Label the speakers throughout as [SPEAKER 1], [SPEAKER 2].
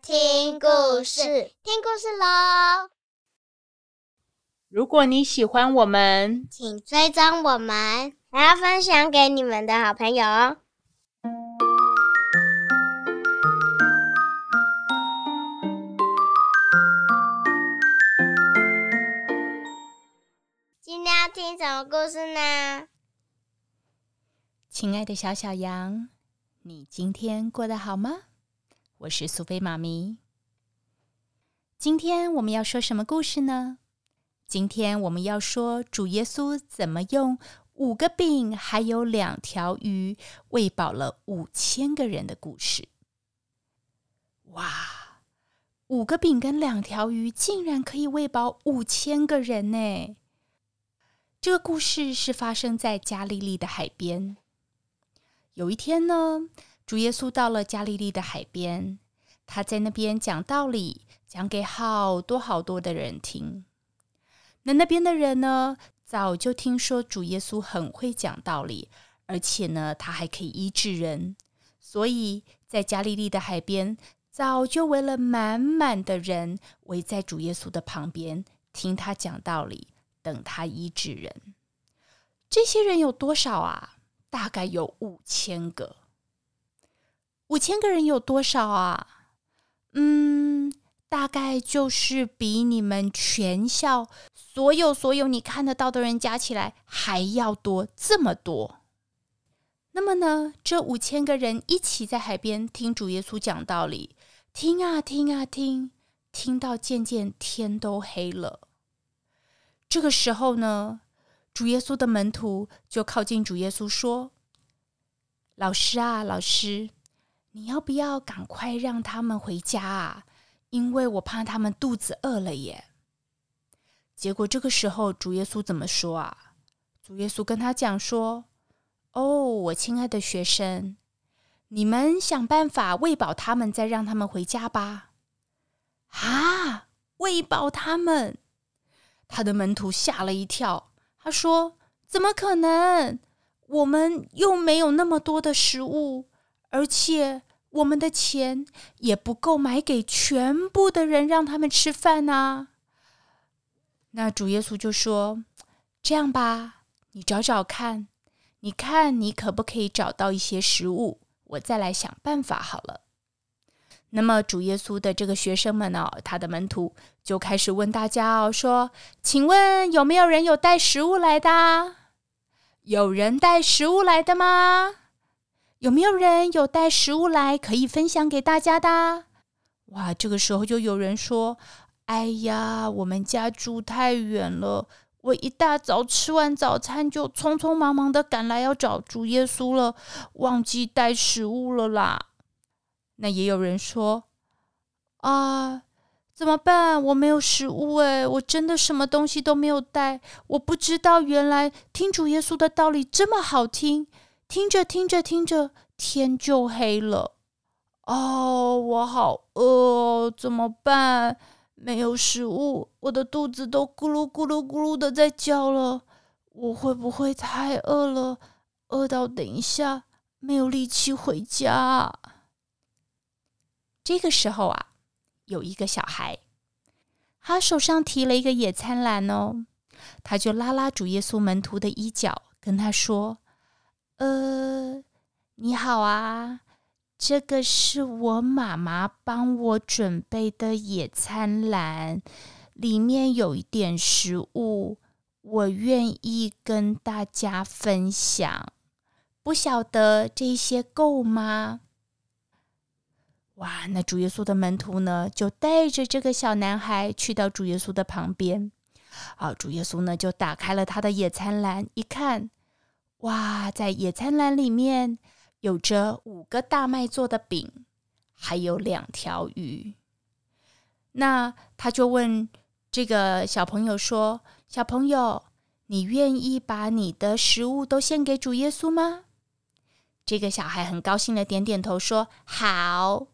[SPEAKER 1] 聽故事，聽故事嘍！如果你喜歡我們，請追蹤我們，還要分享給你們的好朋友。今天要聽什麼故事呢？親愛的小小羊，你今天過得好嗎？我是蘇菲媽咪。今天我們要說什麼故事呢？今天我們要說主耶穌怎麼用五個餅還有兩條魚餵飽了五千個人的故事。哇，五個餅跟兩條魚竟然可以餵飽五千個人呢！這個故事是發生在加利利的海邊。有一天呢，主耶穌到了加利利的海邊，他在那邊講道理，講給好多好多的人聽。那那邊的人呢，早就聽說主耶穌很會講道理，而且呢，他還可以醫治人，所以在加利利的海邊，早就圍了滿滿的人，圍在主耶穌的旁邊，聽他講道理，等他醫治人。這些人有多少啊？大概有五千個。五千個人有多少啊？嗯，大概就是比你們全校所有所有你看得到的人加起來還要多這麼多。那麼呢，這五千個人一起在海邊聽主耶穌講道理，聽啊聽啊聽，聽到漸漸天都黑了。這個時候呢，主耶穌的門徒就靠近主耶穌說：“老師啊，老師。”你要不要趕快讓他們回家啊？因為我怕他們肚子餓了耶。結果這個時候，主耶穌怎麼說啊？主耶穌跟他講說：“哦，我親愛的學生，你們想辦法餵飽他們，再讓他們回家吧。”啊，餵飽他們！他的門徒嚇了一跳，他說：“怎麼可能？我們又沒有那麼多的食物。”而且我們的錢也不夠買給全部的人，讓他們吃飯吶、啊。那主耶穌就說：“這樣吧，你找找看，你看你可不可以找到一些食物，我再來想辦法好了。”那麼主耶穌的這個學生們呢、哦，他的門徒就開始問大家哦說：“請問有沒有人有帶食物來的？有人帶食物來的嗎？”有沒有人有帶食物來可以分享給大家的？哇，這個時候就有人說：“哎呀，我們家住太遠了，我一大早吃完早餐就匆匆忙忙的趕來要找主耶穌了，忘記帶食物了啦。”那也有人說：“啊，怎麼辦？我沒有食物誒，我真的什麼東西都沒有帶，我不知道原來聽主耶穌的道理這麼好聽。”聽着聽着聽着，天就黑了。哦，我好餓哦，怎麼辦？沒有食物，我的肚子都咕嚕咕嚕咕嚕的在叫了。我會不會太餓了？餓到等一下沒有力氣回家。這個時候啊，有一個小孩，他手上提了一個野餐籃哦，他就拉拉主耶穌門徒的衣角，跟他說。呃，你好啊，這個是我媽媽幫我準備的野餐籃，裡面有一點食物，我願意跟大家分享。不曉得這些夠嗎？哇，那主耶穌的門徒呢，就帶着這個小男孩去到主耶穌的旁邊。啊，主耶穌呢，就打開了他的野餐籃，一看。哇，在野餐籃裡面有着五個大麥做的餅，還有兩條魚。那他就問這個小朋友說：“小朋友，你願意把你的食物都獻給主耶穌嗎？”這個小孩很高興的點點頭，說：“好。”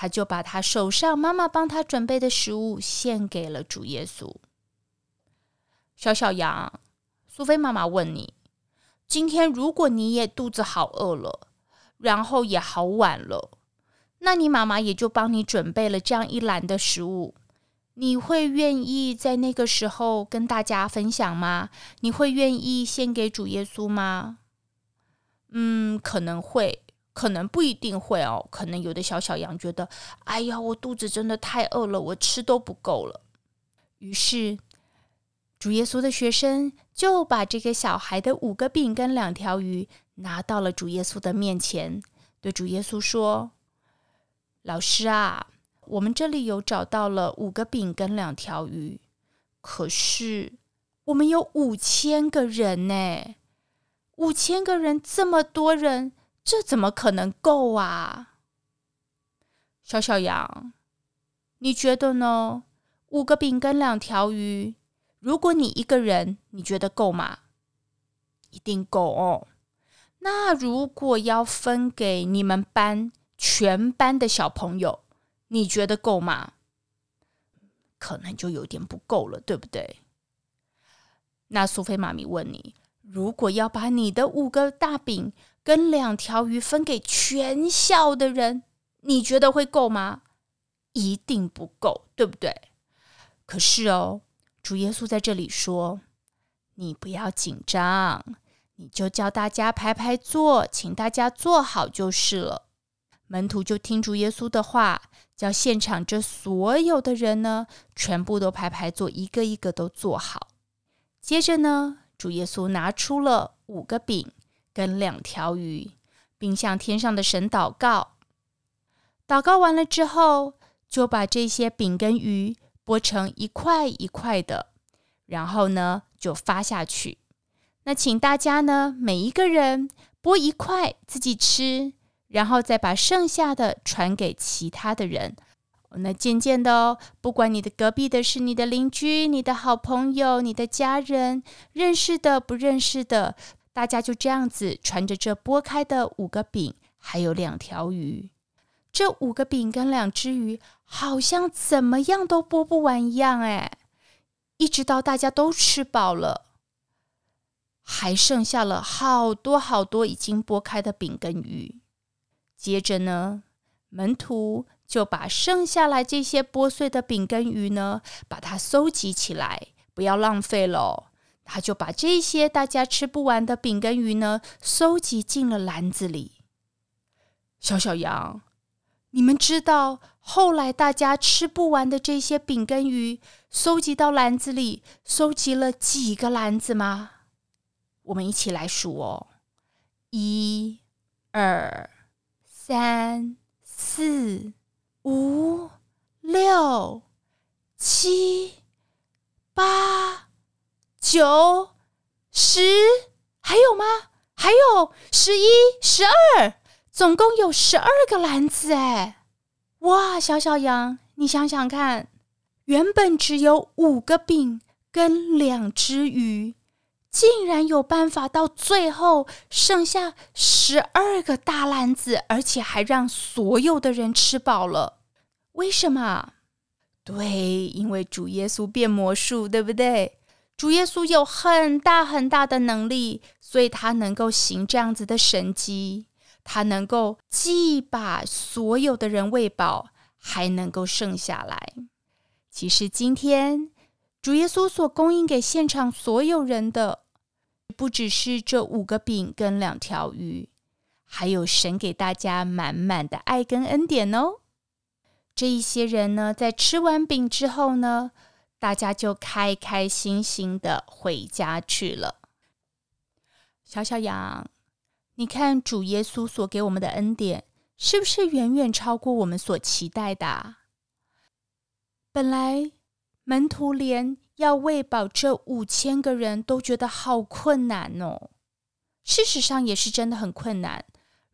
[SPEAKER 1] 他就把他手上媽媽幫他準備的食物獻給了主耶穌。小小羊，蘇菲媽媽問你。今天如果你也肚子好餓了，然後也好晚了，那你媽媽也就幫你準備了這樣一籃的食物，你會願意在那個時候跟大家分享嗎？你會願意獻給主耶穌嗎？嗯，可能會，可能不一定會哦。可能有的小小羊覺得，哎呀，我肚子真的太餓了，我吃都不夠了。於是，主耶穌的學生，就把這個小孩的五個餅跟兩條魚拿到了主耶穌的面前，對主耶穌說：“老師啊，我們這裡有找到了五個餅跟兩條魚，可是我們有五千個人呢，五千個人這麼多人，這怎麼可能夠啊？”小小羊，你覺得呢？五個餅跟兩條魚。如果你一個人，你覺得夠嗎？一定夠哦。那如果要分給你們班全班的小朋友，你覺得夠嗎？可能就有點不夠了，對不對？那蘇菲媽咪問你，如果要把你的五個大餅跟兩條魚分給全校的人，你覺得會夠嗎？一定不夠，對不對？可是哦。主耶穌在這裡說：“你不要緊張，你就叫大家排排坐，請大家坐好就是了。”門徒就聽主耶穌的話，叫現場這所有的人呢，全部都排排坐，一個一個都坐好。接着呢，主耶穌拿出了五個餅跟兩條魚，並向天上的神禱告。禱告完了之後，就把這些餅跟魚。剝成一塊一塊的，然後呢，就發下去。那請大家呢，每一個人剝一塊自己吃，然後再把剩下的傳給其他的人。那漸漸的哦，不管你的隔壁的是你的鄰居、你的好朋友、你的家人、認識的、不認識的，大家就這樣子傳着這剝開的五個餅，還有兩條魚。這五個餅跟兩隻魚，好像怎麼樣都剝不完一樣哎！一直到大家都吃飽了，還剩下了好多好多已經剝開的餅跟魚。接着呢，門徒就把剩下來這些剝碎的餅跟魚呢，把它收集起來，不要浪費嘍。他就把這些大家吃不完的餅跟魚呢，收集進了籃子裡。小小羊。你們知道後來大家吃不完的這些餅跟魚，收集到籃子裡，收集了幾個籃子嗎？我們一起來數哦，一、二、三、四、五、六、七、八、九、十，還有嗎？還有十一、十二。總共有十二個籃子，哎，哇，小小羊，你想想看，原本只有五個餅跟兩隻魚，竟然有辦法到最後剩下十二個大籃子，而且還讓所有的人吃飽了。為什麼？對，因為主耶穌變魔術，對不對？主耶穌有很大很大的能力，所以他能夠行這樣子的神蹟。他能夠既把所有的人餵飽，還能夠剩下來。其實今天主耶穌所供應給現場所有人的，不只是這五個餅跟兩條魚，還有神給大家滿滿的愛跟恩典哦。這一些人呢，在吃完餅之後呢，大家就開開心心的回家去了。小小羊。你看，主耶穌所給我們的恩典，是不是遠遠超過我們所期待的？本來門徒連要餵飽這五千個人都覺得好困難哦。事實上也是真的很困難。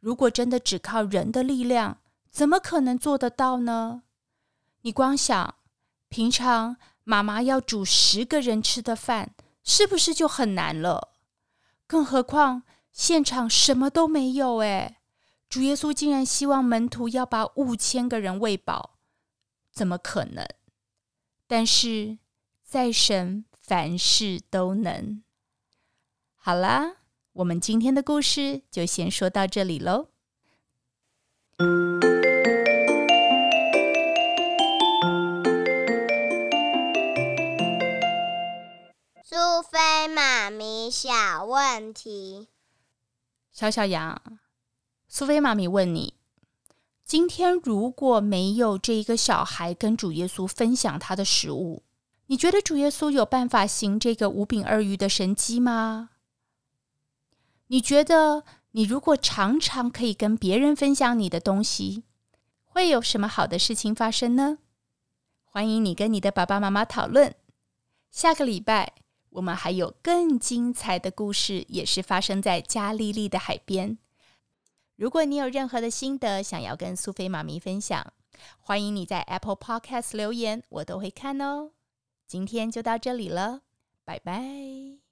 [SPEAKER 1] 如果真的只靠人的力量，怎麼可能做得到呢？你光想，平常媽媽要煮十個人吃的飯，是不是就很難了？更何況……現場什麼都沒有哎，主耶穌竟然希望門徒要把五千個人餵飽，怎麼可能？但是，在神凡事都能。好啦，我們今天的故事就先說到這裡嘍。蘇菲媽咪小問題。小小羊，蘇菲媽咪問你：今天如果沒有這一個小孩跟主耶穌分享他的食物，你覺得主耶穌有辦法行這個五餅二魚的神蹟嗎？你覺得你如果常常可以跟別人分享你的東西，會有什麼好的事情發生呢？歡迎你跟你的爸爸媽媽討論。下個禮拜。我們還有更精彩的故事，也是發生在加利利的海邊。如果你有任何的心得，想要跟蘇菲媽咪分享，歡迎你在 Apple Podcast 留言，我都會看哦。今天就到這裡了，拜拜。